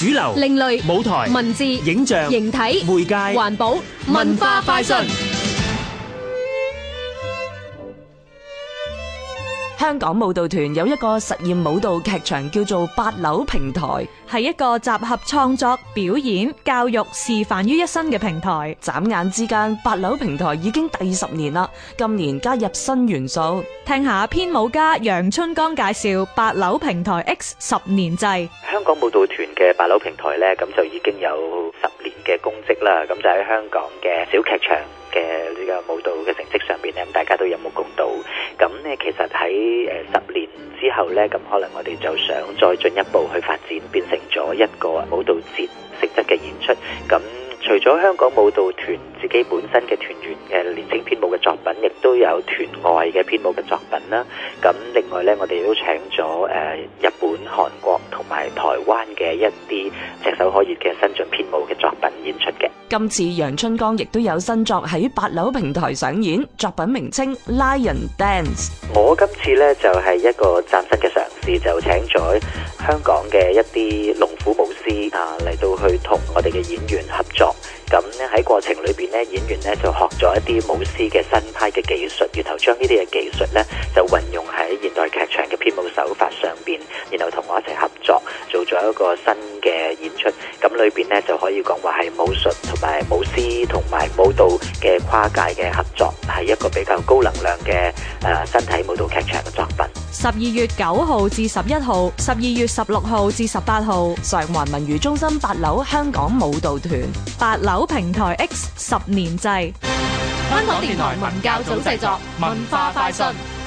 主流、另類、舞台、文字、影像、形體、媒介、環保、文化快訊。香港舞蹈團有一個實驗舞蹈劇場，叫做八樓平台，係一個集合創作、表演、教育、示範於一身嘅平台。眨眼之間，八樓平台已經第十年啦，今年加入新元素。聽下編舞家楊春江介紹八樓平台嘅呢個舞蹈嘅成績上面咧，大家都有目共睹。咁呢，其實喺誒十年之後呢，咁可能我哋就想再進一步去發展，變成咗一個舞蹈節式質嘅演出。咁除咗香港舞蹈團自己本身嘅團員嘅年輕編舞嘅作品，亦都有團外嘅編舞嘅作品啦。咁另外呢，我哋都請咗誒、呃、日本、韓國同埋台灣嘅一啲炙手可熱嘅新進編舞嘅。今次楊春江亦都有新作喺八樓平台上演，作品名稱《Lion Dance》。我今次咧就係一個嶄新嘅嘗試，就請咗香港嘅一啲龍虎舞獅啊嚟，到去同我哋嘅演員合作。咁咧喺過程裏邊咧，演員咧就學咗一啲舞獅嘅新派嘅技術，然後將呢啲嘅技術咧就運用喺現代劇場嘅編舞手法上邊，然後同我一齊合作，做咗一個新嘅演出。咁裏邊咧就可以。嘅跨界嘅合作，係一個比較高能量嘅誒身體舞蹈劇場嘅作品。十二月九號至十一號，十二月十六號至十八號，上環文娛中心八樓香港舞蹈團八樓平台 X 十年祭。香港電台文教組製作，文化快訊。